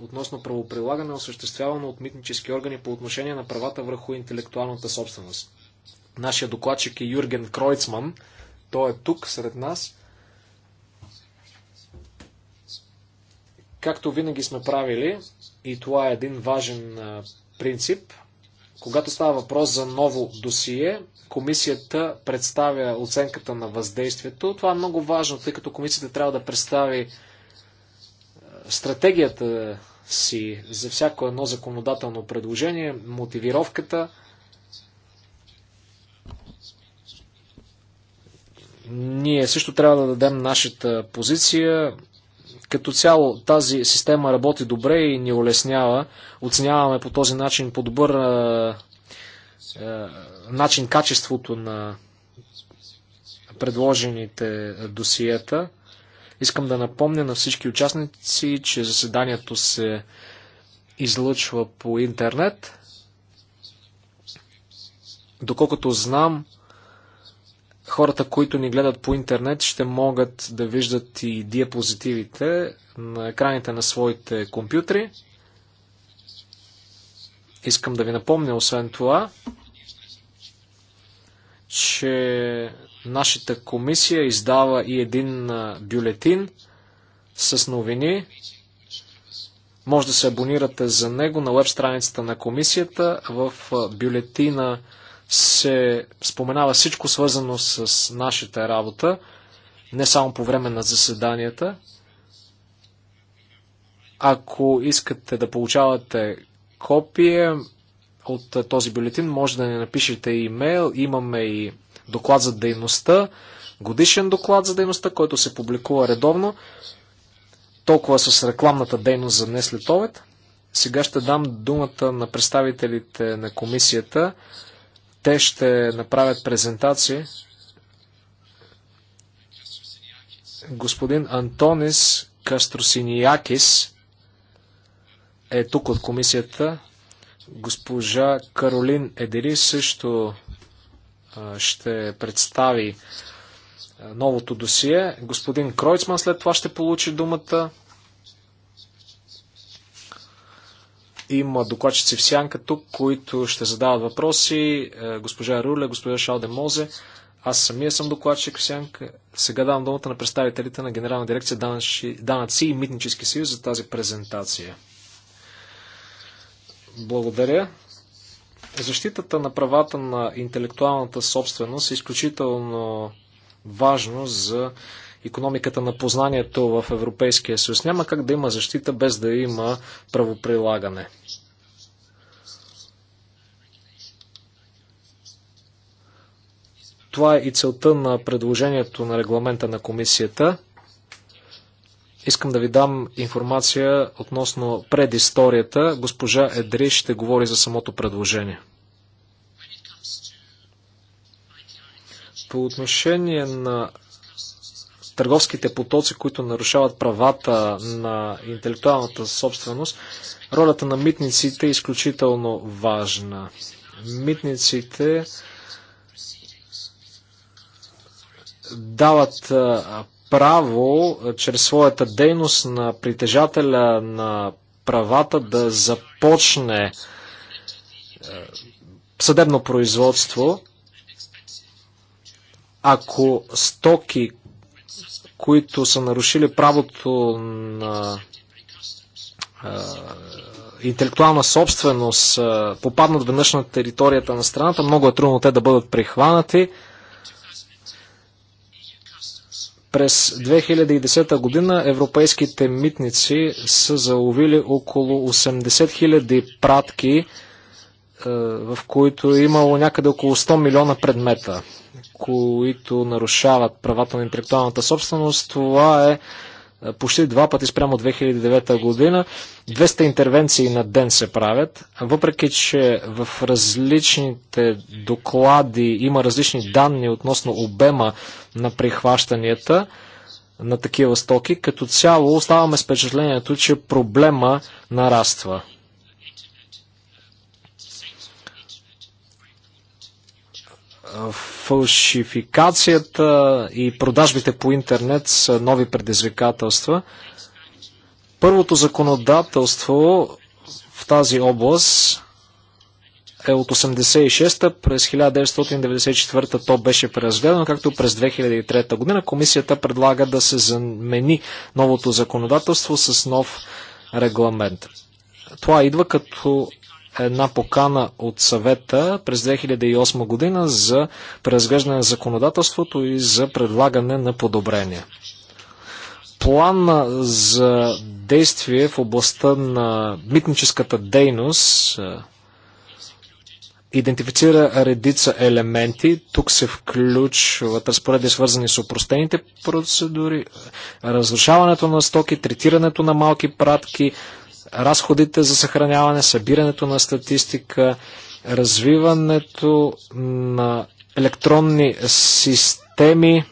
относно правоприлагане, осъществявано от митнически органи по отношение на правата върху интелектуалната собственост. Нашия докладчик е Юрген Кройцман. Той е тук сред нас. Както винаги сме правили, и това е един важен принцип, когато става въпрос за ново досие, комисията представя оценката на въздействието. Това е много важно, тъй като комисията трябва да представи стратегията си за всяко едно законодателно предложение, мотивировката. Ние също трябва да дадем нашата позиция. Като цяло тази система работи добре и ни улеснява. Оценяваме по този начин по добър е, начин качеството на предложените досиета. Искам да напомня на всички участници, че заседанието се излъчва по интернет. Доколкото знам, хората, които ни гледат по интернет, ще могат да виждат и диапозитивите на екраните на своите компютри. Искам да ви напомня, освен това, че Нашата комисия издава и един бюлетин с новини. Може да се абонирате за него на веб страницата на комисията. В бюлетина се споменава всичко свързано с нашата работа, не само по време на заседанията. Ако искате да получавате копие от този бюлетин, може да ни напишете имейл. Имаме и доклад за дейността, годишен доклад за дейността, който се публикува редовно. Толкова с рекламната дейност за днес след обед. Сега ще дам думата на представителите на комисията. Те ще направят презентации. Господин Антонис Кастросиниякис е тук от комисията. Госпожа Каролин Едери също ще представи новото досие. Господин Кройцман след това ще получи думата. Има докладчици в сянка тук, които ще задават въпроси. Госпожа Руле, госпожа Шалде Мозе. Аз самия съм докладчик в сянка. Сега давам думата на представителите на Генерална дирекция Данъци и Митнически съюз за тази презентация. Благодаря. Защитата на правата на интелектуалната собственост е изключително важно за економиката на познанието в Европейския съюз. Няма как да има защита без да има правоприлагане. Това е и целта на предложението на регламента на комисията. Искам да ви дам информация относно предисторията. Госпожа Едри ще говори за самото предложение. По отношение на търговските потоци, които нарушават правата на интелектуалната собственост, ролята на митниците е изключително важна. Митниците дават право чрез своята дейност на притежателя на правата да започне съдебно производство, ако стоки, които са нарушили правото на интелектуална собственост, попаднат веднъж на територията на страната, много е трудно те да бъдат прихванати. През 2010 година европейските митници са заловили около 80 000 пратки, е, в които е имало някъде около 100 милиона предмета, които нарушават правата на интелектуалната собственост. Това е е, почти два пъти спрямо 2009 година. 200 интервенции на ден се правят, въпреки че в различните доклади има различни данни относно обема на прихващанията на такива стоки, като цяло оставаме с впечатлението, че проблема нараства. фалшификацията и продажбите по интернет са нови предизвикателства. Първото законодателство в тази област е от 86-та, през 1994-та то беше преразгледано, както през 2003 година. Комисията предлага да се замени новото законодателство с нов регламент. Това идва като една покана от съвета през 2008 година за преразглеждане на законодателството и за предлагане на подобрения. План за действие в областта на митническата дейност е, идентифицира редица елементи. Тук се включват разпореди, свързани с упростените процедури, разрушаването на стоки, третирането на малки пратки, разходите за съхраняване, събирането на статистика, развиването на електронни системи,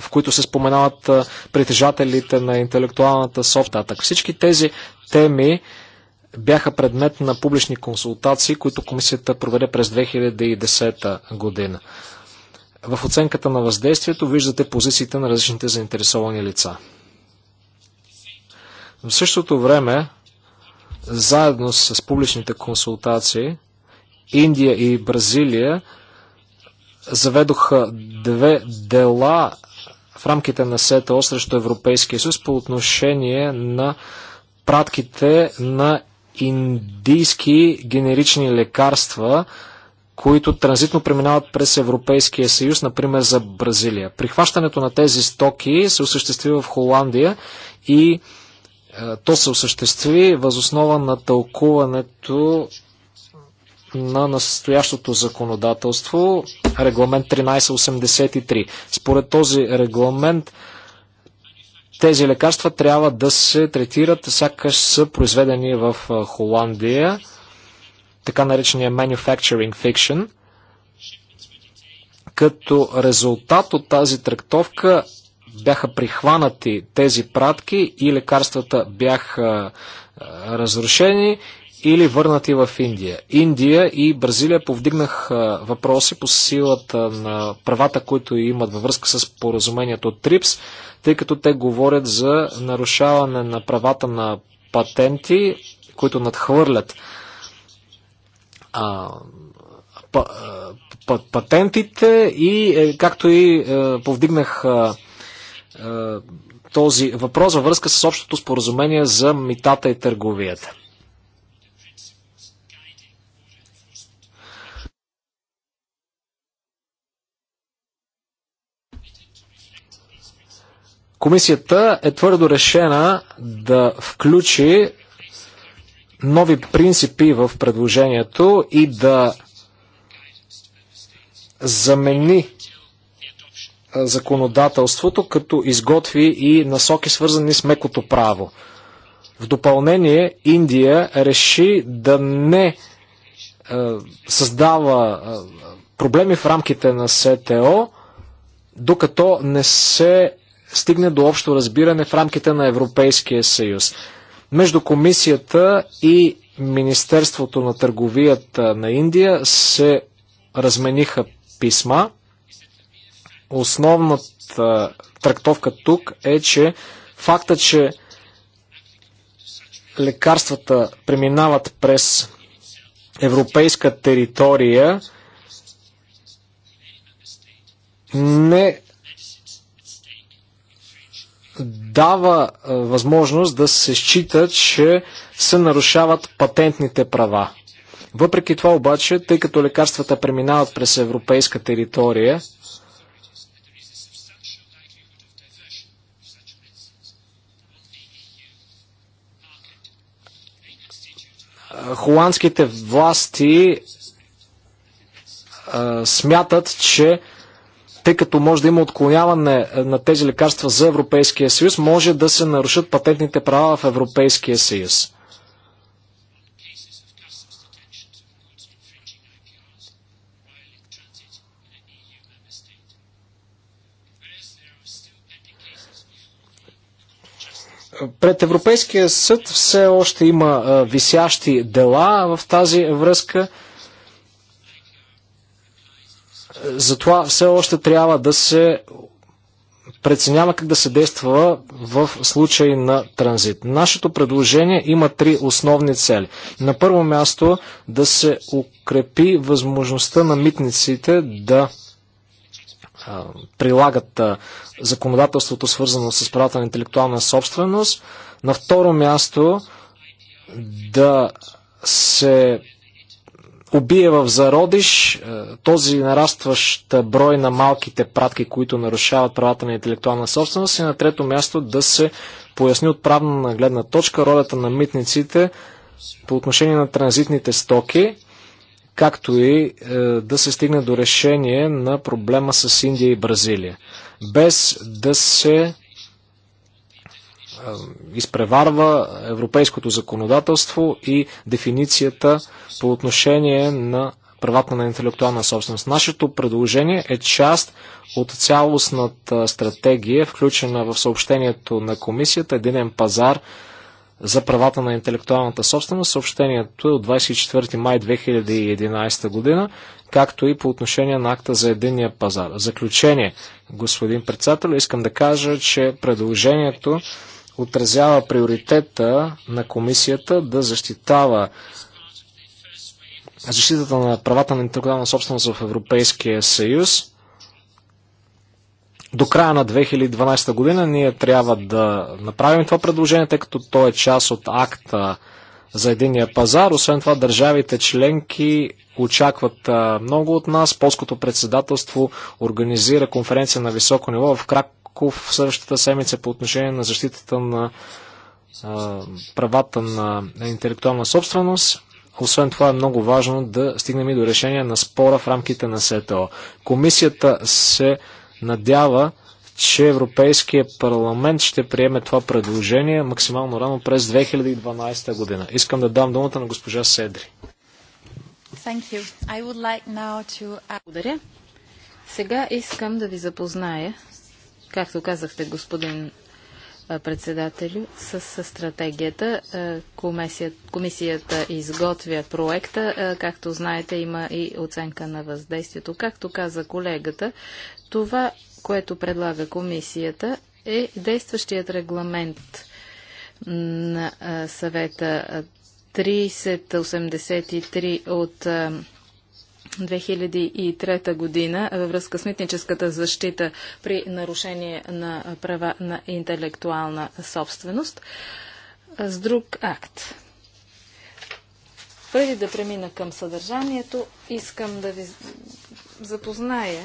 в които се споменават притежателите на интелектуалната софтатък. Всички тези теми бяха предмет на публични консултации, които комисията проведе през 2010 година. В оценката на въздействието виждате позициите на различните заинтересовани лица. В същото време, заедно с публичните консултации, Индия и Бразилия заведоха две дела в рамките на СЕТО срещу Европейския съюз по отношение на пратките на индийски генерични лекарства, които транзитно преминават през Европейския съюз, например за Бразилия. Прихващането на тези стоки се осъществи в Холандия и е, то се осъществи възоснова на тълкуването на настоящото законодателство, регламент 1383. Според този регламент тези лекарства трябва да се третират сякаш са произведени в е, Холандия, така наречения manufacturing fiction. Като резултат от тази трактовка бяха прихванати тези пратки и лекарствата бяха разрушени или върнати в Индия. Индия и Бразилия повдигнах въпроси по силата на правата, които имат във връзка с поразумението от ТРИПС, тъй като те говорят за нарушаване на правата на патенти, които надхвърлят а, па, патентите и е, както и е, повдигнах а, е, този въпрос във връзка с общото споразумение за митата и търговията. Комисията е твърдо решена да включи нови принципи в предложението и да замени законодателството, като изготви и насоки свързани с мекото право. В допълнение, Индия реши да не е, създава е, проблеми в рамките на СТО, докато не се стигне до общо разбиране в рамките на Европейския съюз. Между комисията и Министерството на търговията на Индия се размениха писма. Основната трактовка тук е, че факта, че лекарствата преминават през европейска територия, не дава възможност да се счита, че се нарушават патентните права. Въпреки това обаче, тъй като лекарствата преминават през европейска територия, холандските власти смятат, че тъй като може да има отклоняване на тези лекарства за Европейския съюз, може да се нарушат патентните права в Европейския съюз. Пред Европейския съд все още има висящи дела в тази връзка. Затова все още трябва да се преценява как да се действа в случай на транзит. Нашето предложение има три основни цели. На първо място да се укрепи възможността на митниците да прилагат законодателството, свързано с правата на интелектуална собственост. На второ място да се убие в зародиш този нарастващ брой на малките пратки, които нарушават правата на интелектуална собственост и на трето място да се поясни от правна гледна точка ролята на митниците по отношение на транзитните стоки както и е, да се стигне до решение на проблема с Индия и Бразилия, без да се е, изпреварва европейското законодателство и дефиницията по отношение на правата на интелектуална собственост. Нашето предложение е част от цялостната стратегия, включена в съобщението на комисията Единен пазар – за правата на интелектуалната собственост. Съобщението е от 24 май 2011 година, както и по отношение на акта за единния пазар. Заключение, господин председател, искам да кажа, че предложението отразява приоритета на комисията да защитава защитата на правата на интелектуална собственост в Европейския съюз до края на 2012 година ние трябва да направим това предложение, тъй като то е част от акта за единия пазар. Освен това, държавите членки очакват много от нас. Полското председателство организира конференция на високо ниво в Краков в същата седмица по отношение на защитата на а, правата на интелектуална собственост. Освен това е много важно да стигнем и до решение на спора в рамките на СТО. Комисията се надява, че Европейския парламент ще приеме това предложение максимално рано през 2012 година. Искам да дам думата на госпожа Седри. Like to... Благодаря. Сега искам да ви запозная, както казахте, господин председателю, с, с стратегията. Комисията, комисията изготвя проекта. Както знаете, има и оценка на въздействието. Както каза колегата, това, което предлага комисията, е действащият регламент на съвета 3083 от 2003 година във връзка с митническата защита при нарушение на права на интелектуална собственост с друг акт. Преди да премина към съдържанието, искам да ви запозная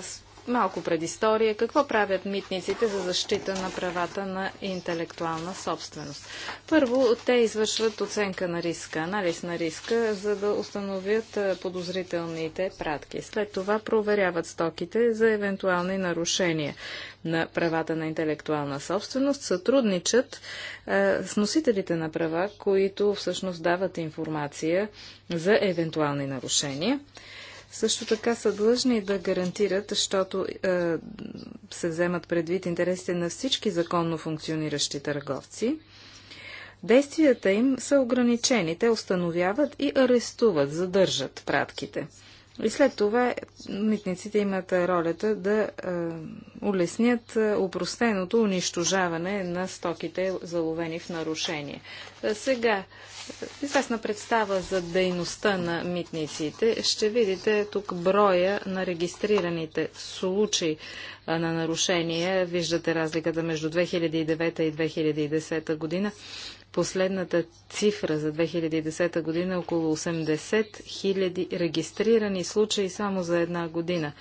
с Малко предистория. Какво правят митниците за защита на правата на интелектуална собственост? Първо, те извършват оценка на риска, анализ на риска, за да установят подозрителните пратки. След това проверяват стоките за евентуални нарушения на правата на интелектуална собственост, сътрудничат с носителите на права, които всъщност дават информация за евентуални нарушения също така са длъжни да гарантират, защото е, се вземат предвид интересите на всички законно функциониращи търговци. Действията им са ограничени. Те установяват и арестуват, задържат пратките. И след това митниците имат ролята да улеснят упростеното унищожаване на стоките, заловени в нарушение. Сега, известна представа за дейността на митниците, ще видите тук броя на регистрираните случаи на нарушения. Виждате разликата между 2009 и 2010 година. Последната цифра за 2010 година е около 80 000 регистрирани случаи само за една година.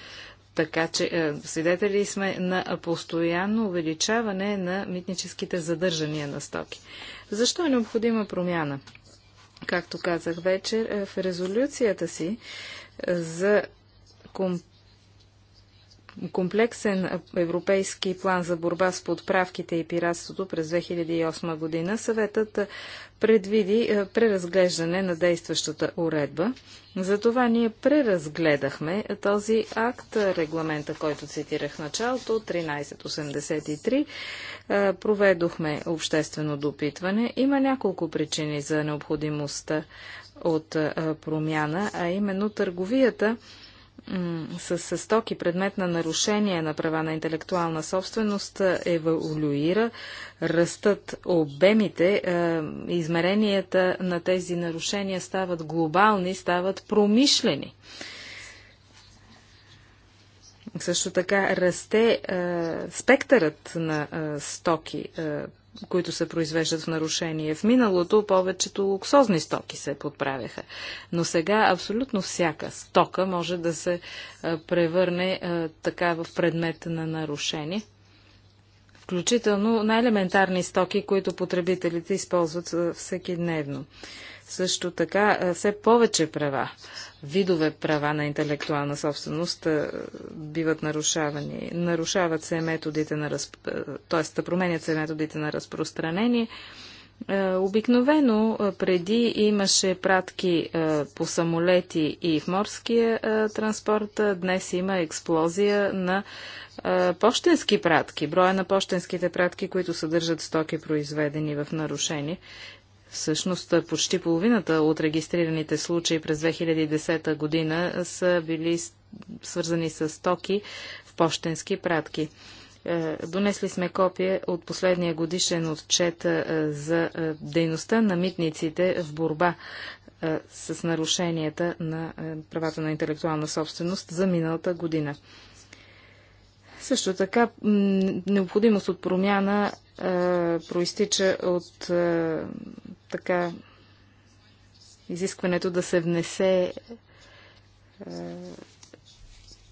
Така че е, свидетели сме на постоянно увеличаване на митническите задържания на стоки. Защо е необходима промяна? Както казах вече, е, в резолюцията си е, за комп комплексен европейски план за борба с подправките и пиратството през 2008 година, съветът предвиди е, преразглеждане на действащата уредба. Затова ние преразгледахме този акт, регламента, който цитирах началото, 1383. Е, проведохме обществено допитване. Има няколко причини за необходимостта от е, промяна, а именно търговията с, с стоки предмет на нарушение на права на интелектуална собственост е, еволюира, растат обемите, е, измеренията на тези нарушения стават глобални, стават промишлени. Също така расте е, спектърът на стоки, които се произвеждат в нарушение. В миналото повечето луксозни стоки се подправяха, но сега абсолютно всяка стока може да се превърне така в предмет на нарушение включително най-елементарни стоки, които потребителите използват всеки дневно. Също така, все повече права, видове права на интелектуална собственост биват нарушавани. Нарушават се методите на разп... т.е. променят се методите на разпространение. Обикновено преди имаше пратки по самолети и в морския транспорт, днес има експлозия на почтенски пратки, броя на почтенските пратки, които съдържат стоки произведени в нарушение. Всъщност почти половината от регистрираните случаи през 2010 година са били свързани с стоки в почтенски пратки. Е, донесли сме копие от последния годишен отчет е, за е, дейността на митниците в борба с нарушенията на правата на интелектуална собственост за миналата година. Също така, необходимост от промяна проистича от така изискването да се внесе е,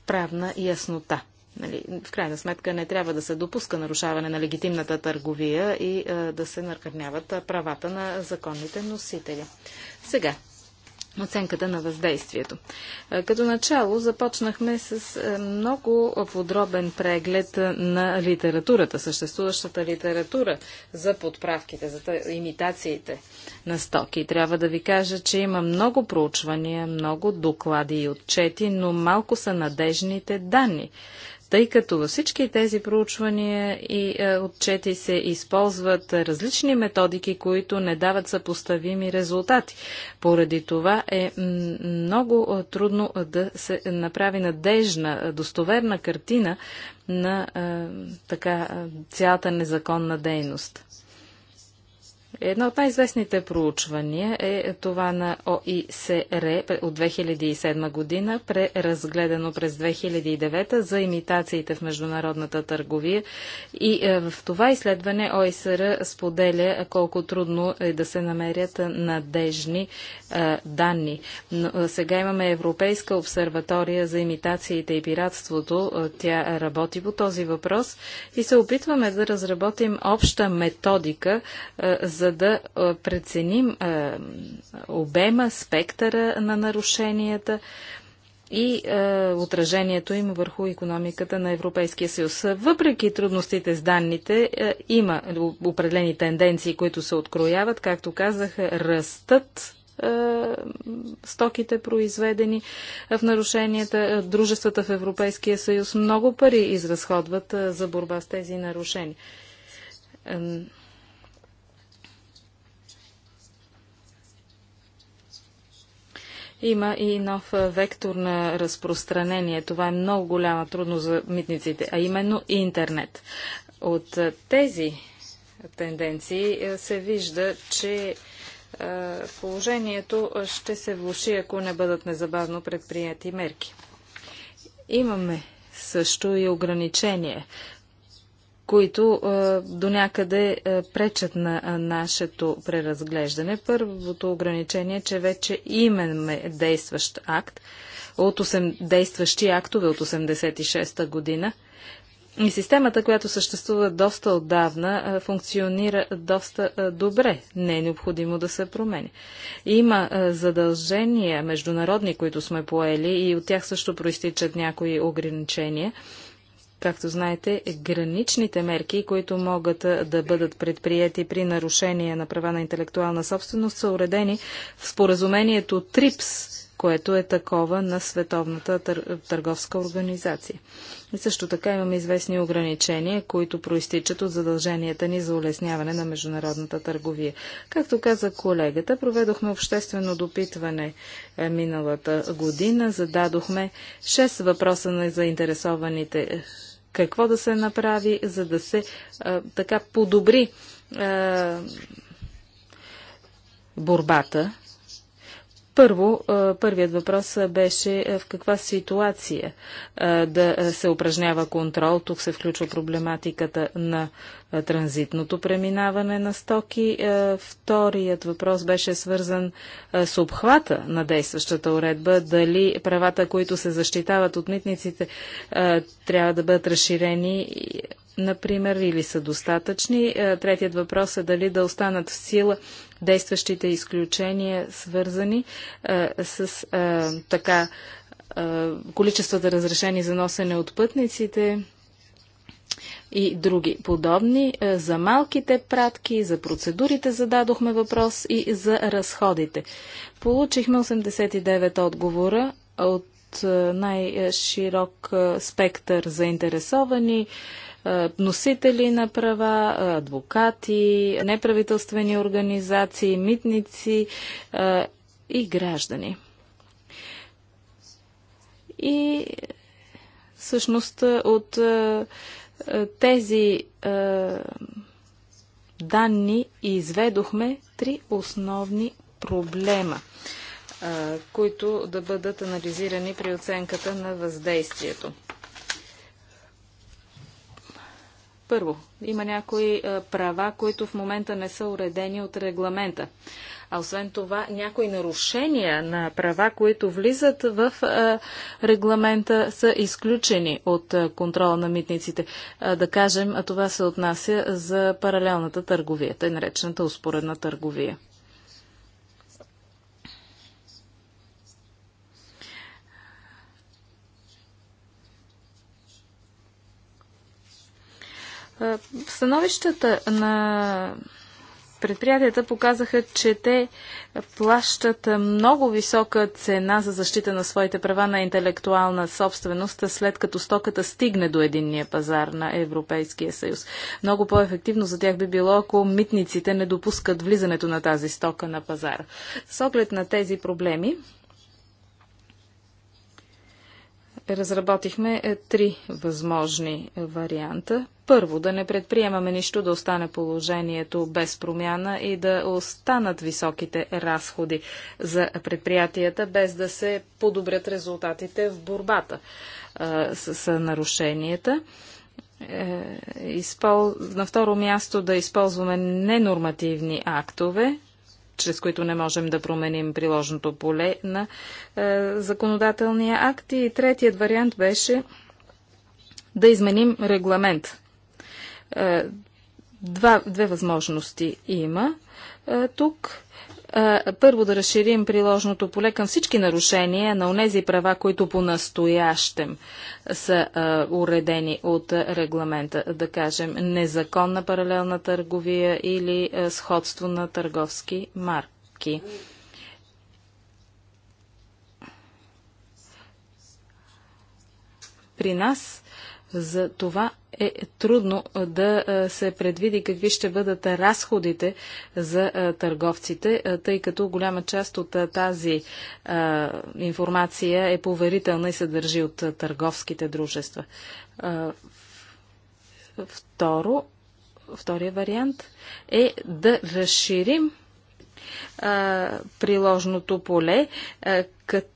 правна яснота. Нали, в крайна сметка не трябва да се допуска нарушаване на легитимната търговия и е, да се наркърняват правата на законните носители. Сега, оценката на въздействието. Е, като начало започнахме с е, много подробен преглед на литературата, съществуващата литература за подправките, за имитациите на стоки. Трябва да ви кажа, че има много проучвания, много доклади и отчети, но малко са надежните данни тъй като във всички тези проучвания и е, отчети се използват различни методики, които не дават съпоставими резултати. Поради това е много е, трудно е, да се направи надежна, е, достоверна картина на е, така цялата незаконна дейност. Едно от най-известните проучвания е това на ОИСР от 2007 година, преразгледано през 2009 за имитациите в международната търговия. И е, в това изследване ОИСР споделя колко трудно е да се намерят надежни е, данни. Но е, сега имаме Европейска обсерватория за имитациите и пиратството. Тя работи по този въпрос и се опитваме да разработим обща методика за за да преценим обема, спектъра на нарушенията и е, отражението им върху економиката на Европейския съюз. Въпреки трудностите с данните, е, има определени тенденции, които се открояват. Както казах, растат стоките произведени в нарушенията. Дружествата в Европейския съюз много пари изразходват за борба с тези нарушения. има и нов вектор на разпространение. Това е много голяма трудност за митниците, а именно интернет. От тези тенденции се вижда, че положението ще се влуши, ако не бъдат незабавно предприяти мерки. Имаме също и ограничение които до някъде пречат на нашето преразглеждане. Първото ограничение е, че вече имаме действащ акт от 8, действащи актове от 86-та година. И системата, която съществува доста отдавна, функционира доста добре. Не е необходимо да се промени. Има задължения международни, които сме поели и от тях също проистичат някои ограничения както знаете, граничните мерки, които могат да бъдат предприяти при нарушение на права на интелектуална собственост, са уредени в споразумението ТРИПС, което е такова на Световната тър... търговска организация. И също така имаме известни ограничения, които проистичат от задълженията ни за улесняване на международната търговия. Както каза колегата, проведохме обществено допитване е, миналата година, зададохме 6 въпроса на заинтересованите е, какво да се направи, за да се а, така подобри а, борбата първо, първият въпрос беше в каква ситуация да се упражнява контрол. Тук се включва проблематиката на транзитното преминаване на стоки. Вторият въпрос беше свързан с обхвата на действащата уредба. Дали правата, които се защитават от митниците, трябва да бъдат разширени например, или са достатъчни. Третият въпрос е дали да останат в сила действащите изключения, свързани а, с а, така а, количествата разрешени за носене от пътниците и други подобни. За малките пратки, за процедурите зададохме въпрос и за разходите. Получихме 89 отговора от най-широк спектър заинтересовани е, носители на права, е, адвокати, неправителствени организации, митници е, и граждани. И всъщност от тези данни изведохме три основни проблема, които да бъдат анализирани при оценката на въздействието. Първо, има някои е, права, които в момента не са уредени от регламента. А освен това, някои нарушения на права, които влизат в е, регламента, са изключени от е, контрола на митниците. Да кажем, това се отнася за паралелната търговия, тъй наречената успоредна търговия. Становищата на предприятията показаха, че те плащат много висока цена за защита на своите права на интелектуална собственост, след като стоката стигне до единния пазар на Европейския съюз. Много по-ефективно за тях би било, ако митниците не допускат влизането на тази стока на пазара. С оглед на тези проблеми, разработихме е, три възможни варианта. Първо, да не предприемаме нищо, да остане положението без промяна и да останат високите разходи за предприятията, без да се подобрят резултатите в борбата е, с, нарушенията. Е, на второ място да използваме ненормативни актове, чрез които не можем да променим приложното поле на е, законодателния акт. И третият вариант беше да изменим регламент. Е, два, две възможности има е, тук. Е, първо да разширим приложното поле към всички нарушения на онези права, които по-настоящем са е, уредени от регламента, да кажем незаконна паралелна търговия или е, сходство на търговски марки. При нас за това е трудно да се предвиди какви ще бъдат разходите за търговците, тъй като голяма част от тази информация е поверителна и се държи от търговските дружества. Второ, втория вариант е да разширим приложното поле, като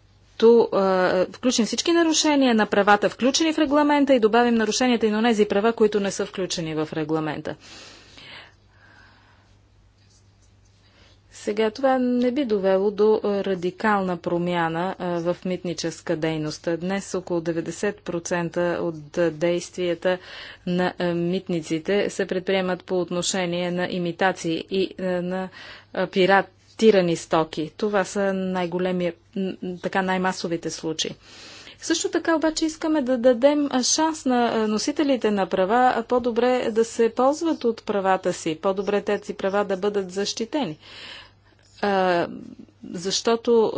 като а, включим всички нарушения на правата, включени в регламента и добавим нарушенията и на тези права, които не са включени в регламента. Сега това не би довело до радикална промяна в митническа дейност. Днес около 90% от действията на митниците се предприемат по отношение на имитации и на пират конфискирани стоки. Това са най-големи, така най-масовите случаи. Също така обаче искаме да дадем шанс на носителите на права по-добре да се ползват от правата си, по-добре тези права да бъдат защитени. защото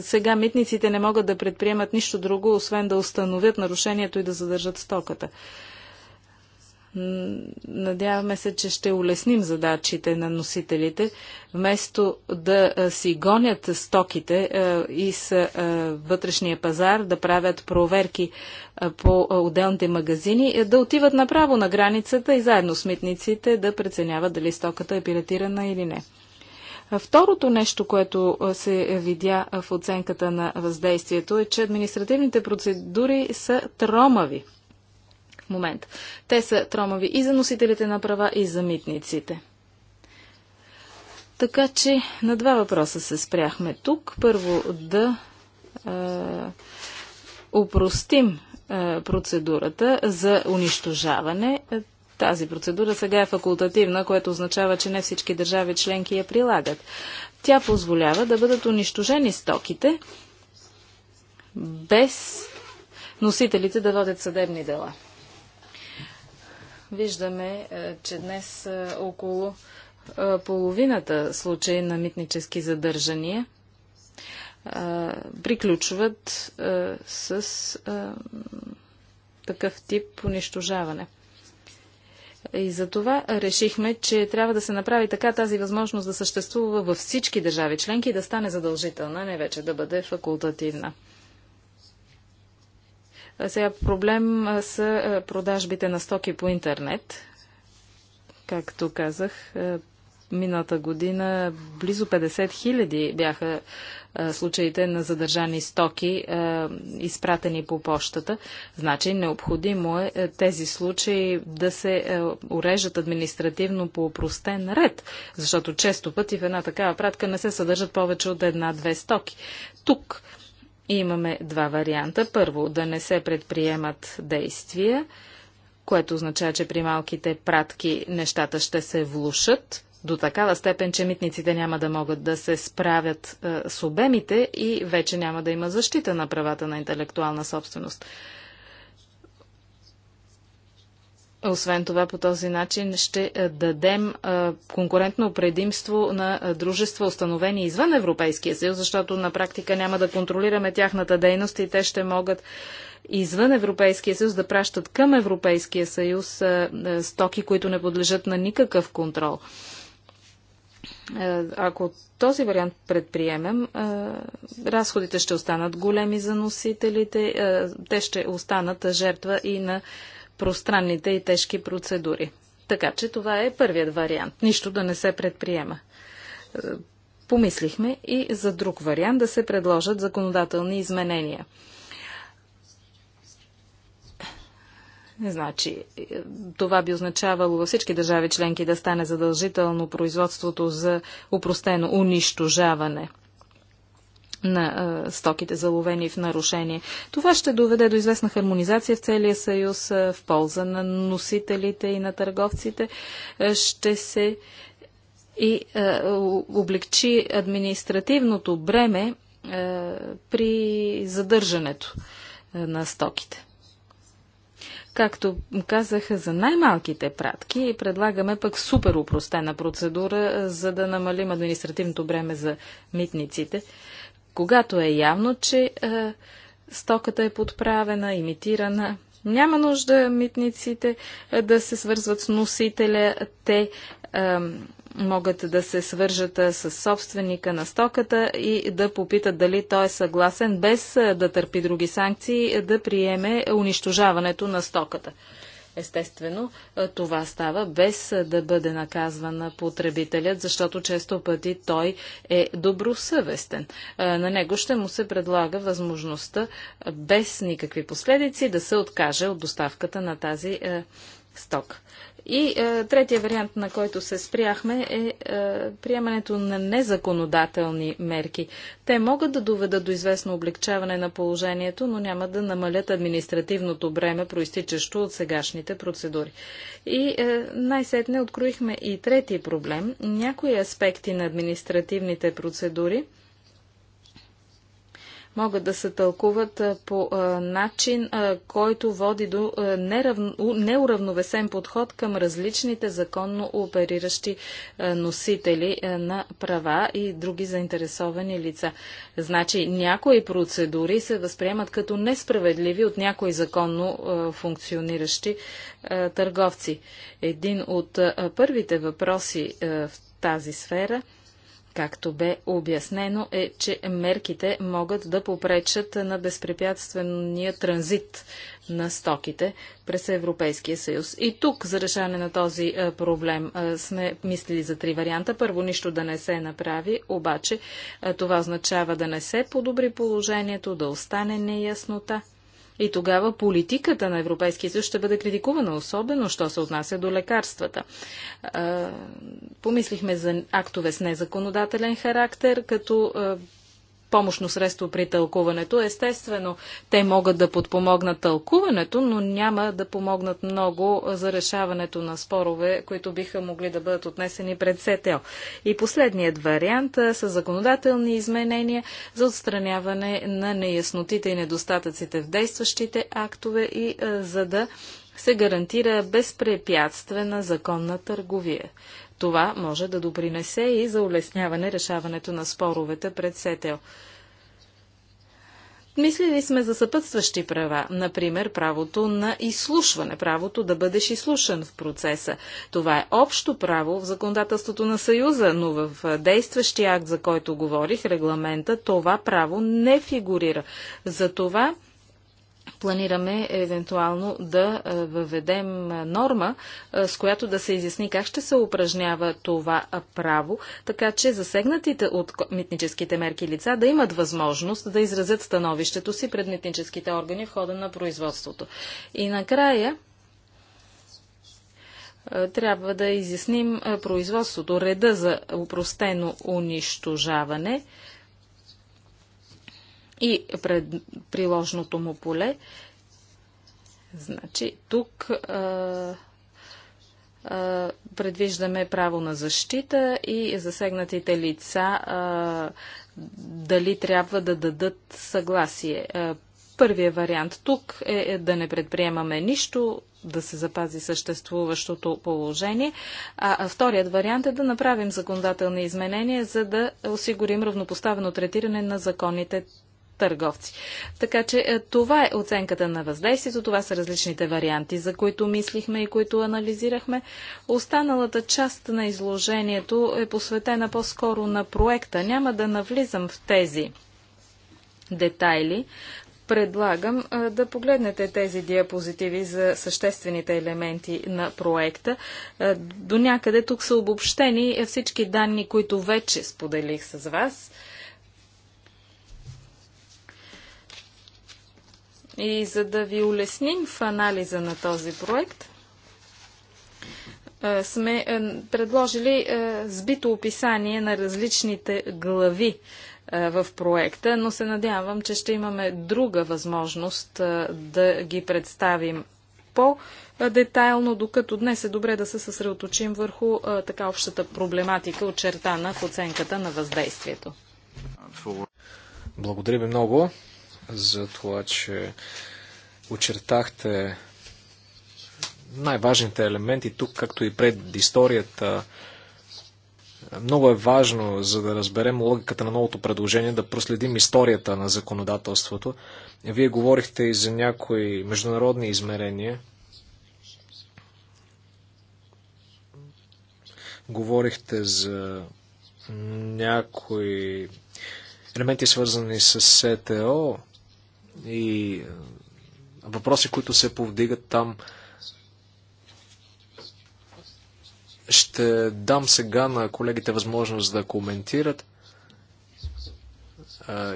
сега митниците не могат да предприемат нищо друго, освен да установят нарушението и да задържат стоката. Надяваме се, че ще улесним задачите на носителите, вместо да си гонят стоките и с вътрешния пазар, да правят проверки по отделните магазини, е, да отиват направо на границата и заедно с митниците да преценяват дали стоката е пиратирана или не. Второто нещо, което се видя в оценката на въздействието е, че административните процедури са тромави – момент. Те са тромави и за носителите на права, и за митниците. Така че на два въпроса се спряхме тук. Първо да упростим е, процедурата за унищожаване. Тази процедура сега е факултативна, което означава, че не всички държави членки я прилагат. Тя позволява да бъдат унищожени стоките без носителите да водят съдебни дела виждаме, е, че днес е, около е, половината случаи на митнически задържания приключват с такъв тип унищожаване. И за това решихме, че трябва да се направи така тази възможност да съществува във всички държави членки и да стане задължителна, не вече да бъде факултативна. Сега проблем са продажбите на стоки по интернет. Както казах, миналата година близо 50 хиляди бяха случаите на задържани стоки, изпратени по почтата. Значи необходимо е тези случаи да се урежат административно по упростен ред, защото често пъти в една такава пратка не се съдържат повече от една-две стоки. Тук Имаме два варианта. Първо, да не се предприемат действия, което означава, че при малките пратки нещата ще се влушат до такава степен, че митниците няма да могат да се справят е, с обемите и вече няма да има защита на правата на интелектуална собственост. Освен това, по този начин ще е, дадем е, конкурентно предимство на е, дружества, установени извън Европейския съюз, защото на практика няма да контролираме тяхната дейност и те ще могат извън Европейския съюз да пращат към Европейския съюз стоки, които не подлежат на никакъв контрол. Ако този вариант предприемем, разходите ще останат големи за носителите, те ще останат жертва и на пространните и тежки процедури. Така че това е първият вариант. Нищо да не се предприема. Е, помислихме и за друг вариант да се предложат законодателни изменения. Значи, е, това би означавало във всички държави членки да стане задължително производството за упростено унищожаване – на а, стоките заловени в нарушение. Това ще доведе до известна хармонизация в целия съюз а, в полза на носителите и на търговците. А, ще се и облегчи административното бреме при задържането на стоките. Както казах, за най-малките пратки предлагаме пък супер упростена процедура, за да намалим административното бреме за митниците. Когато е явно, че е, стоката е подправена, имитирана, няма нужда митниците е, да се свързват с носителя. Те е, могат да се свържат е, с собственика на стоката и да попитат дали той е съгласен, без е, да търпи други санкции, е, да приеме унищожаването на стоката. Естествено, това става без да бъде наказван потребителят, защото често пъти той е добросъвестен. На него ще му се предлага възможността без никакви последици да се откаже от доставката на тази стока. И е, третия вариант, на който се спряхме, е, е приемането на незаконодателни мерки. Те могат да доведат до известно облегчаване на положението, но няма да намалят административното бреме, проистичащо от сегашните процедури. И е, най-сетне откроихме и третия проблем. Някои аспекти на административните процедури – могат да се тълкуват по начин, който води до неуравновесен подход към различните законно опериращи носители на права и други заинтересовани лица. Значи някои процедури се възприемат като несправедливи от някои законно функциониращи търговци. Един от първите въпроси в тази сфера – както бе обяснено, е, че мерките могат да попречат на безпрепятствения транзит на стоките през Европейския съюз. И тук за решаване на този е, проблем е, сме мислили за три варианта. Първо, нищо да не се направи, обаче е, това означава да не се подобри положението, да остане неяснота и тогава политиката на Европейския съюз ще бъде критикувана, особено, що се отнася до лекарствата. Помислихме за актове с незаконодателен характер, като помощно средство при тълкуването. Естествено, те могат да подпомогнат тълкуването, но няма да помогнат много за решаването на спорове, които биха могли да бъдат отнесени пред СТО. И последният вариант са законодателни изменения за отстраняване на неяснотите и недостатъците в действащите актове и за да се гарантира безпрепятствена законна търговия. Това може да допринесе и за улесняване решаването на споровете пред СЕТЕЛ. Мислили сме за съпътстващи права, например правото на изслушване, правото да бъдеш изслушан в процеса. Това е общо право в законодателството на Съюза, но в действащия акт, за който говорих, регламента, това право не фигурира. За това планираме евентуално да въведем норма, с която да се изясни как ще се упражнява това право, така че засегнатите от митническите мерки лица да имат възможност да изразят становището си пред митническите органи в хода на производството. И накрая трябва да изясним производството, реда за упростено унищожаване – и пред приложното му поле. Значи, тук а, а, предвиждаме право на защита и засегнатите лица а, дали трябва да дадат съгласие. Първият вариант тук е, е да не предприемаме нищо, да се запази съществуващото положение. А вторият вариант е да направим законодателни изменения, за да осигурим равнопоставено третиране на законните търговци. Така че е, това е оценката на въздействието, това са различните варианти, за които мислихме и които анализирахме. Останалата част на изложението е посветена по-скоро на проекта. Няма да навлизам в тези детайли. Предлагам е, да погледнете тези диапозитиви за съществените елементи на проекта. Е, до някъде тук са обобщени всички данни, които вече споделих с вас. И за да ви улесним в анализа на този проект, е, сме е, предложили е, сбито описание на различните глави в проекта, но се надявам, че ще имаме друга възможност да ги представим по-детайлно, докато днес е добре да се съсредоточим върху така общата проблематика, очертана в оценката на въздействието. Благодаря ви много за това, че очертахте най-важните елементи тук, както и пред историята. Много е важно, за да разберем логиката на новото предложение, да проследим историята на законодателството. Вие говорихте и за някои международни измерения. Говорихте за някои елементи, свързани с СТО и въпроси, които се повдигат там. Ще дам сега на колегите възможност да коментират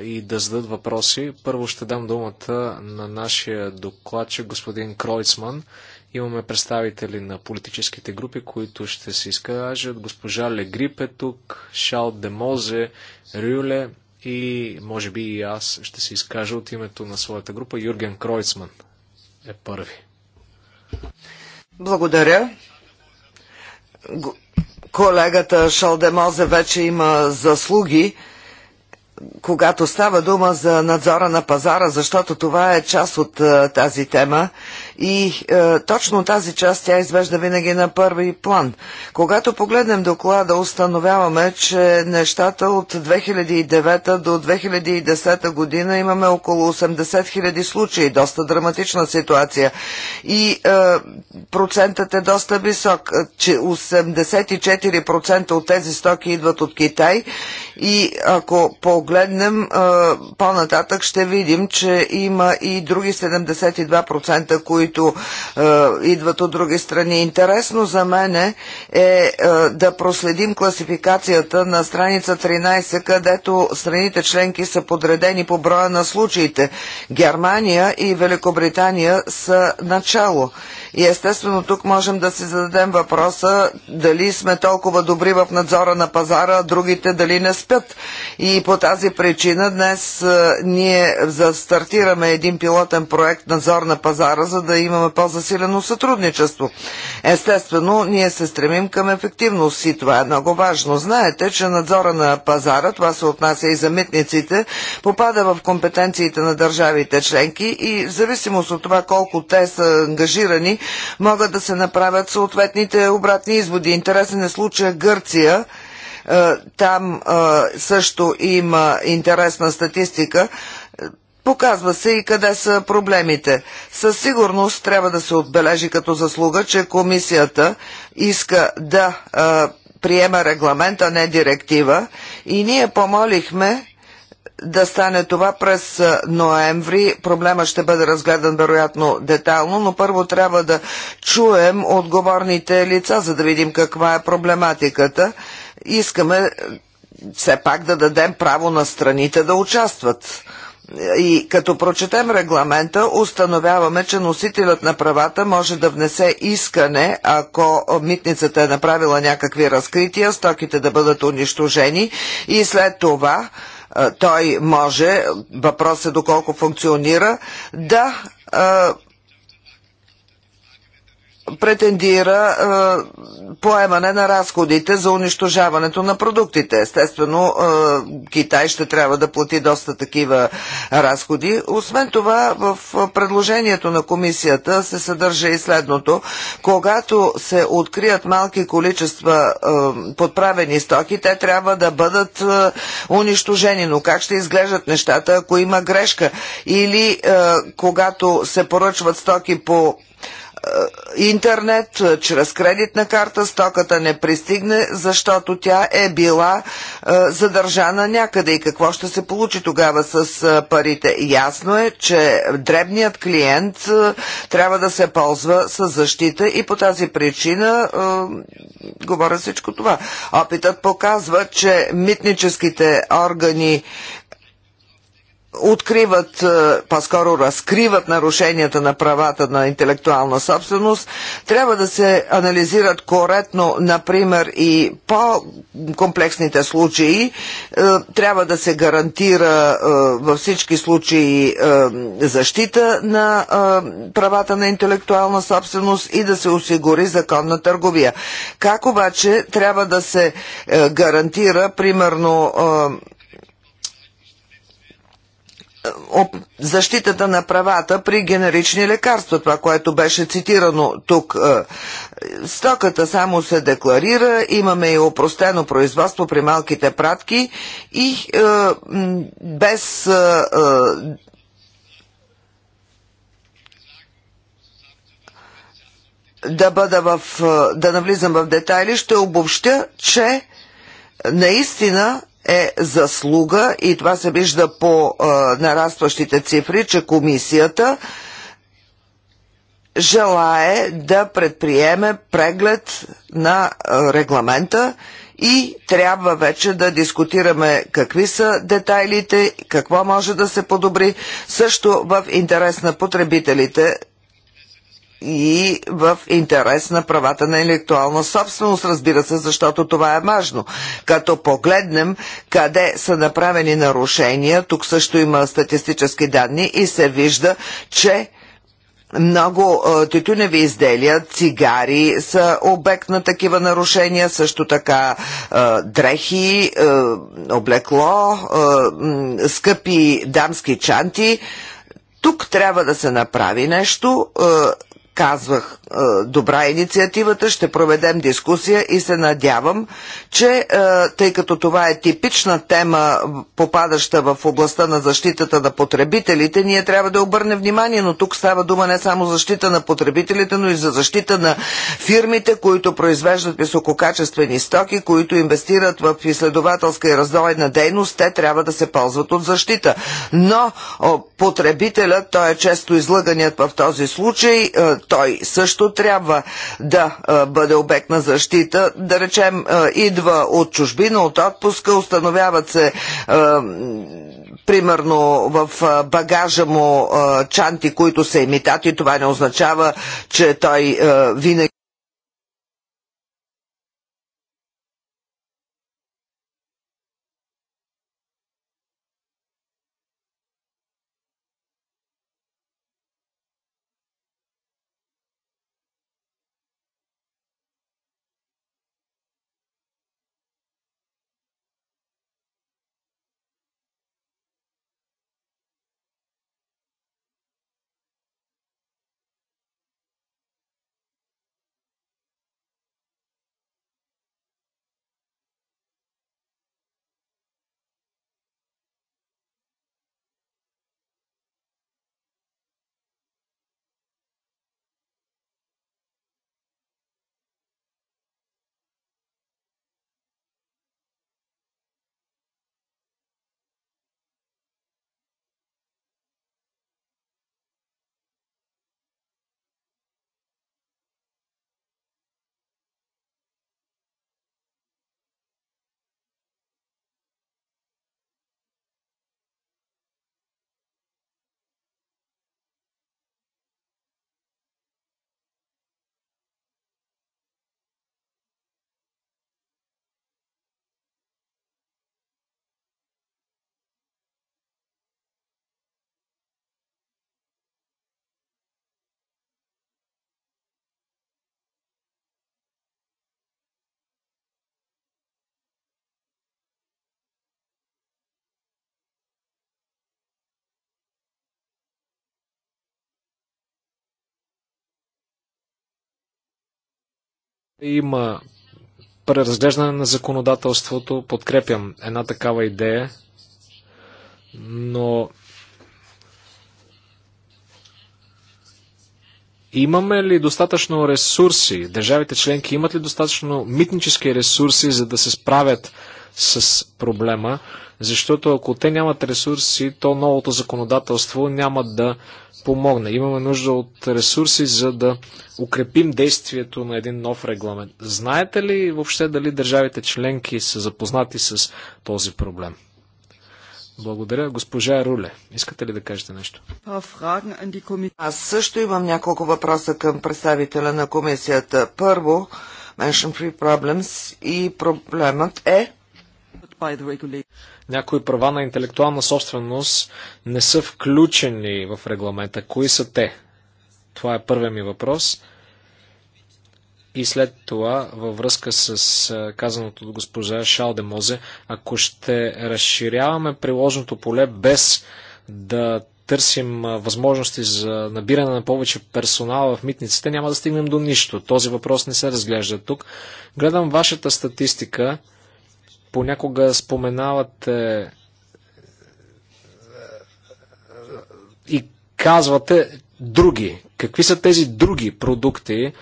и да зададат въпроси. Първо ще дам думата на нашия докладчик, господин Кройцман. Имаме представители на политическите групи, които ще се изкажат. Госпожа Легрип е тук, Шал Демозе, Рюле, и може би и аз ще се изкажа от името на своята група. Юрген Кройцман е първи. Благодаря. Колегата Шалдемозе вече има заслуги когато става дума за надзора на пазара, защото това е част от е, тази тема и е, точно тази част тя извежда винаги на първи план. Когато погледнем доклада, установяваме, че нещата от 2009 до 2010 година имаме около 80 000 случаи, доста драматична ситуация. И е, процентът е доста висок, е, че 84% от тези стоки идват от Китай. И ако погледнем е, по-нататък, ще видим, че има и други 72%, които които е, идват от други страни. Интересно за мен е, е да проследим класификацията на страница 13, където страните членки са подредени по броя на случаите. Германия и Великобритания са начало. И естествено тук можем да си зададем въпроса дали сме толкова добри в надзора на пазара, а другите дали не спят. И по тази причина днес ние застартираме един пилотен проект надзор на пазара, за да имаме по-засилено сътрудничество. Естествено, ние се стремим към ефективност и това е много важно. Знаете, че надзора на пазара, това се отнася и за митниците, попада в компетенциите на държавите членки и в зависимост от това колко те са ангажирани, могат да се направят съответните обратни изводи. Интересен е случая Гърция. Е, там е, също има интересна статистика. Е, показва се и къде са проблемите. Със сигурност трябва да се отбележи като заслуга, че комисията иска да приема регламент, а не директива и ние помолихме да стане това през ноември. Проблема ще бъде разгледан вероятно детайлно, но първо трябва да чуем отговорните лица, за да видим каква е проблематиката. Искаме все пак да дадем право на страните да участват. И като прочетем регламента, установяваме, че носителят на правата може да внесе искане, ако митницата е направила някакви разкрития, стоките да бъдат унищожени и след това той може, въпросът е доколко функционира, да претендира е, поемане на разходите за унищожаването на продуктите. Естествено, е, Китай ще трябва да плати доста такива разходи. Освен това, в предложението на комисията се съдържа и следното. Когато се открият малки количества е, подправени стоки, те трябва да бъдат е, унищожени. Но как ще изглеждат нещата, ако има грешка? Или е, когато се поръчват стоки по е, интернет, е, чрез кредитна карта, стоката не пристигне, защото тя е била е, задържана някъде. И какво ще се получи тогава с парите? Ясно е, че дребният клиент трябва да се ползва с защита и по тази причина говоря всичко това. Опитът показва, че митническите органи откриват, е, по-скоро разкриват нарушенията на правата на интелектуална собственост, трябва да се анализират коректно, например, и по-комплексните случаи. Е, трябва да се гарантира е, във всички случаи защита на правата на интелектуална собственост и да се осигури законна търговия. Как обаче трябва да се гарантира, примерно, защитата на правата при генерични лекарства, това, което беше цитирано тук. Е, стоката само се декларира, имаме и опростено производство при малките пратки и е, без е, да бъда в, да навлизам в детайли, ще обобщя, че наистина е заслуга и това се вижда по е, нарастващите цифри, че комисията желае да предприеме преглед на регламента и трябва вече да дискутираме какви са детайлите, какво може да се подобри, също в интерес на потребителите, и в интерес на правата на интелектуална собственост, разбира се, защото това е важно. Като погледнем къде са направени нарушения, тук също има статистически данни и се вижда, че много тютюневи изделия, цигари са обект на такива нарушения, също така дрехи, облекло, скъпи дамски чанти. Тук трябва да се направи нещо казвах, е, добра е инициативата, ще проведем дискусия и се надявам, че е, тъй като това е типична тема, попадаща в областта на защитата на потребителите, ние трябва да обърнем внимание, но тук става дума не само защита на потребителите, но и за защита на фирмите, които произвеждат висококачествени стоки, които инвестират в изследователска и раздолена дейност, те трябва да се ползват от защита. Но потребителят, той е често излъганият в този случай, той също трябва да бъде обект на защита. Да речем, идва от чужбина, от отпуска, установяват се примерно в багажа му чанти, които са имитати. Това не означава, че той винаги Има преразглеждане на законодателството. Подкрепям една такава идея, но Имаме ли достатъчно ресурси? Държавите членки имат ли достатъчно митнически ресурси, за да се справят с проблема? Защото ако те нямат ресурси, то новото законодателство няма да помогне. Имаме нужда от ресурси, за да укрепим действието на един нов регламент. Знаете ли въобще дали държавите членки са запознати с този проблем? Благодаря. Госпожа Руле, искате ли да кажете нещо? Аз също имам няколко въпроса към представителя на комисията. Първо, Mention Free Problems и проблемът е някои права на интелектуална собственост не са включени в регламента. Кои са те? Това е първият ми въпрос. И след това, във връзка с казаното от госпожа Шалдемозе, ако ще разширяваме приложното поле без да търсим възможности за набиране на повече персонал в митниците, няма да стигнем до нищо. Този въпрос не се разглежда тук. Гледам вашата статистика. Понякога споменавате е, е, и казвате други. Какви са тези други продукти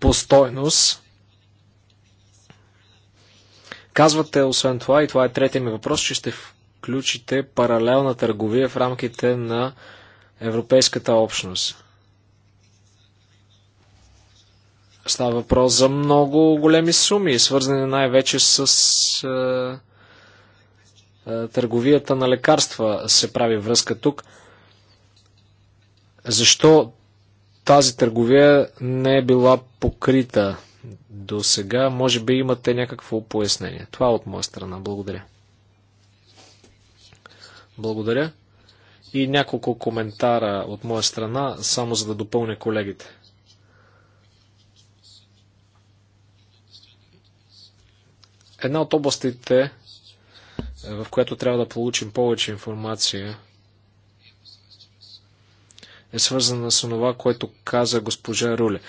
по стойност? Казвате, освен това, и това е третия ми въпрос, че ще включите паралелна търговия в рамките на Европейската общност. Става въпрос за много големи суми, свързани най-вече с е, е, търговията на лекарства се прави връзка тук. Защо тази търговия не е била покрита до сега? Може би имате някакво пояснение. Това е от моя страна. Благодаря. Благодаря. И няколко коментара от моя страна, само за да допълня колегите. Една от областите, е, в която трябва да получим повече информация, е свързана с това, което каза госпожа Руле.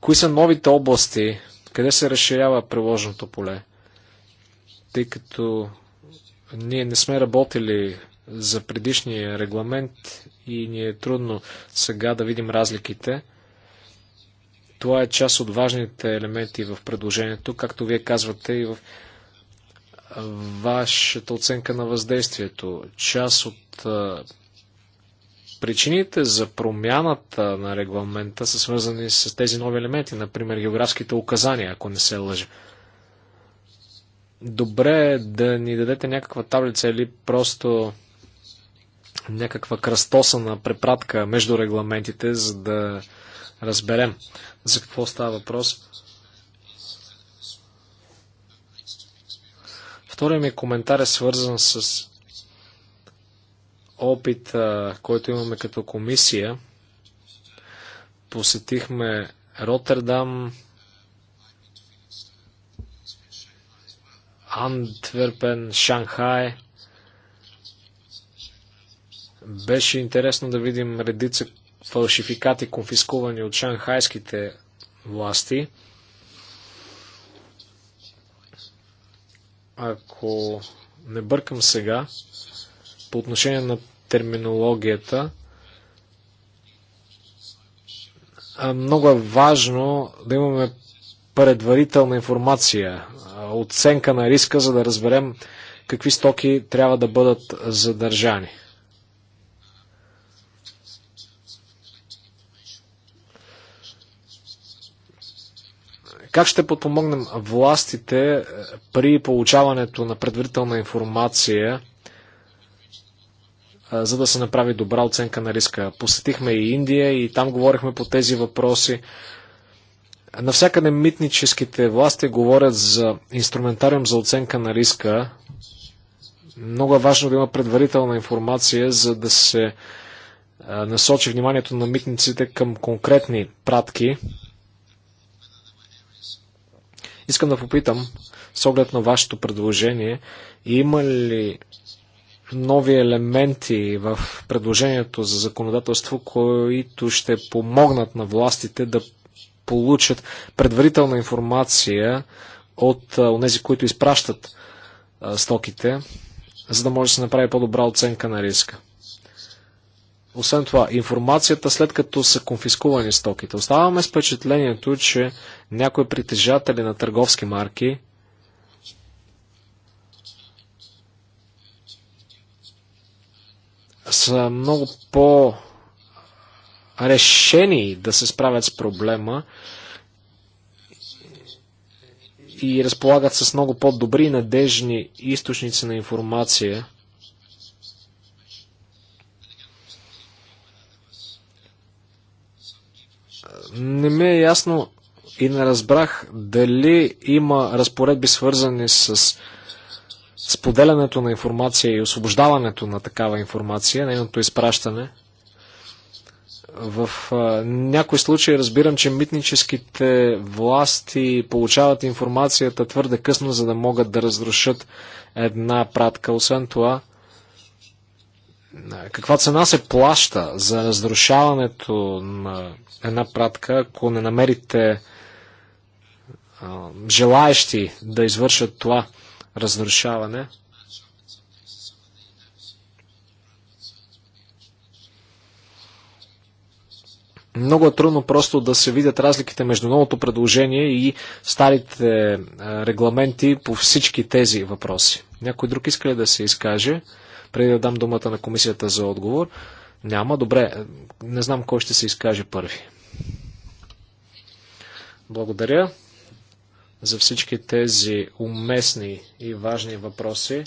Кои са новите области, къде се разширява приложното поле? Тъй като ние не сме работили за предишния регламент и ни е трудно сега да видим разликите. Това е част от важните елементи в предложението, както вие казвате и в вашата оценка на въздействието. Част от причините за промяната на регламента са свързани с тези нови елементи, например географските указания, ако не се лъжа. Добре е да ни дадете някаква таблица или просто някаква кръстосана препратка между регламентите, за да разберем за какво става въпрос. Втория ми коментар е свързан с опит, който имаме като комисия. Посетихме Роттердам, Антверпен, Шанхай. Беше интересно да видим редица фалшификати, конфискувани от шанхайските власти. ако не бъркам сега, по отношение на терминологията, много е важно да имаме предварителна информация, оценка на риска, за да разберем какви стоки трябва да бъдат задържани. Как ще подпомогнем властите е, при получаването на предварителна информация, е, за да се направи добра оценка на риска? Посетихме и Индия и там говорихме по тези въпроси. Навсякъде митническите власти говорят за инструментариум за оценка на риска. Много е важно да има предварителна информация, за да се е, насочи вниманието на митниците към конкретни пратки, Искам да попитам, с оглед на вашето предложение, има ли нови елементи в предложението за законодателство, които ще помогнат на властите да получат предварителна информация от тези, които изпращат стоките, за да може да се направи по-добра оценка на риска. Освен това, информацията след като са конфискувани стоките. Оставаме с впечатлението, че някои притежатели на търговски марки са много по решени да се справят с проблема и разполагат с много по-добри и надежни източници на информация – не ми е ясно и не разбрах дали има разпоредби свързани с споделянето на информация и освобождаването на такава информация, нейното изпращане. В а, някои случаи разбирам, че митническите власти получават информацията твърде късно, за да могат да разрушат една пратка. Освен това, е, каква цена се плаща за разрушаването на една пратка, ако не намерите а, желаещи да извършат това разрушаване. Много е трудно просто да се видят разликите между новото предложение и старите регламенти по всички тези въпроси. Някой друг иска ли да се изкаже? преди да дам думата на комисията за отговор? Няма. Добре, не знам кой ще се изкаже първи. Благодаря за всички тези уместни и важни въпроси.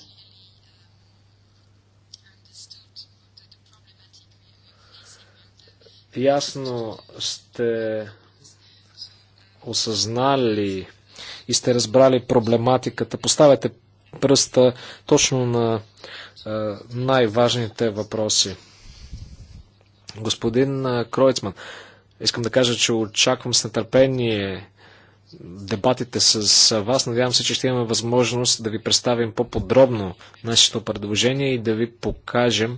Ясно сте осъзнали и сте разбрали проблематиката. Поставяте пръста точно на е, най-важните въпроси. Господин е, Кройцман, искам да кажа, че очаквам с нетърпение дебатите с вас. Надявам се, че ще имаме възможност да ви представим по-подробно нашето предложение и да ви покажем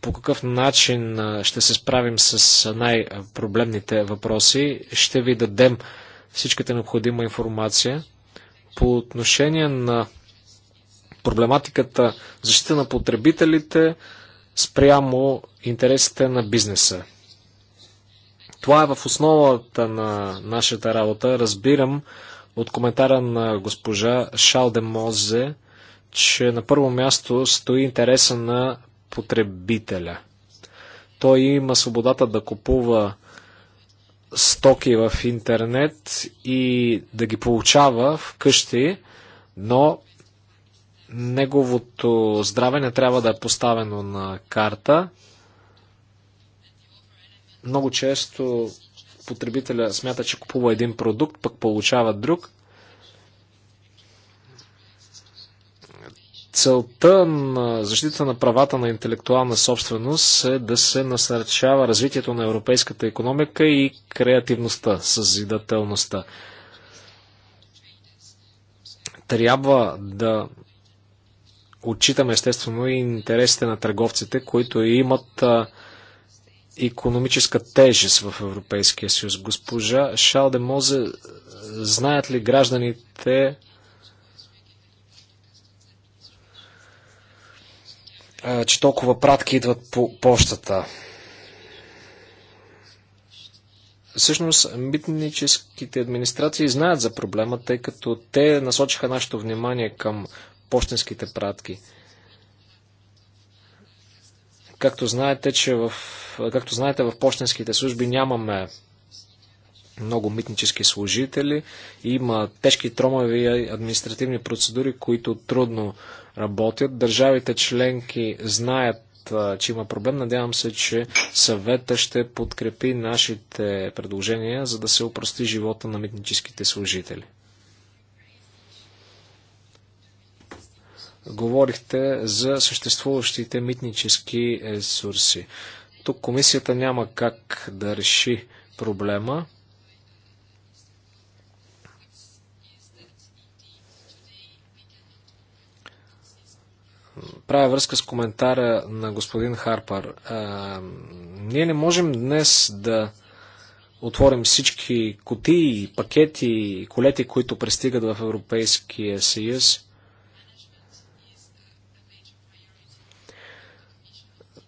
по какъв начин е, ще се справим с най-проблемните въпроси. Ще ви дадем всичката необходима информация. По отношение на проблематиката защита на потребителите спрямо интересите на бизнеса. Това е в основата на нашата работа. Разбирам от коментара на госпожа Шалдемозе, че на първо място стои интереса на потребителя. Той има свободата да купува стоки в интернет и да ги получава вкъщи, но Неговото здраве не трябва да е поставено на карта. Много често потребителя смята, че купува един продукт, пък получава друг. Целта на защита на правата на интелектуална собственост е да се насърчава развитието на европейската економика и креативността, съзидателността. Трябва да отчитаме естествено и интересите на търговците, които имат економическа тежест в Европейския съюз. Госпожа Шалде Мозе, знаят ли гражданите че толкова пратки идват по почтата? Всъщност, митническите администрации знаят за проблема, тъй като те насочиха нашето внимание към почтенските пратки. Както знаете, че в, както знаете, в почтенските служби нямаме много митнически служители, има тежки тромави административни процедури, които трудно работят. Държавите членки знаят че има проблем. Надявам се, че съвета ще подкрепи нашите предложения, за да се упрости живота на митническите служители. говорихте за съществуващите митнически ресурси. Тук комисията няма как да реши проблема. Правя връзка с коментара на господин Харпар. А, ние не можем днес да отворим всички кутии, пакети, колети, които пристигат в Европейския съюз.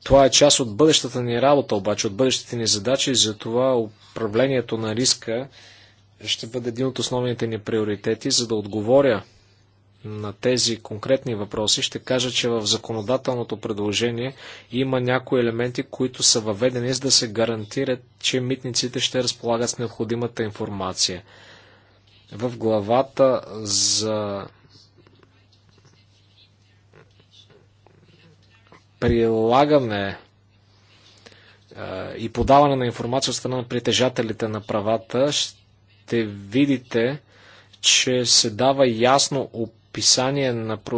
Това е част от бъдещата ни работа, обаче от бъдещите ни задачи и затова управлението на риска ще бъде един от основните ни приоритети, за да отговоря на тези конкретни въпроси, ще кажа, че в законодателното предложение има някои елементи, които са въведени, за да се гарантират, че митниците ще разполагат с необходимата информация. В главата за прилагане и подаване на информация от страна на притежателите на правата, ще видите, че се дава ясно описание на